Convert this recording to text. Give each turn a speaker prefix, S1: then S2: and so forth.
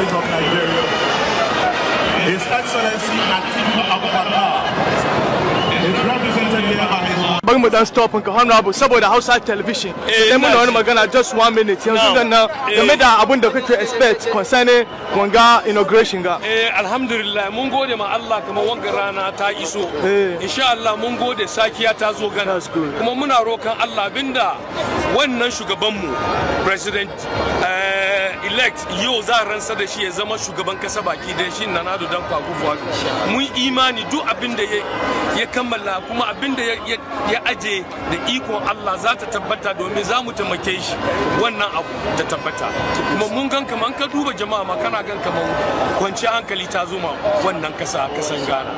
S1: Republic of Nigeria, His Excellency Atiku Abubakar, is represented here stop, and come mu dan stopin ka honorable saboda hausa television eh, sai muna wani magana just one minute yanzu dan nan eh. game da abun da to expect concerning Gonga inauguration ga
S2: eh alhamdulillah mun gode ma Allah kamar wanga rana ta iso eh. insha Allah mun gode sakiya ta zo gana kuma muna rokan Allah binda wannan shugaban mu president eh elect yau za a ransa da shi ya zama shugaban kasa baki da shi na nado dan kwakufuwa mun imani duk abin da ya kammala kuma abin da ya aje da ikon Allah za ta tabbata domin za mu taimake shi wannan abu ta tabbata kuma mun gan kaman ka duba jama'a ma kana gan kaman kwanci hankali ta zuma wannan kasa kasan gana.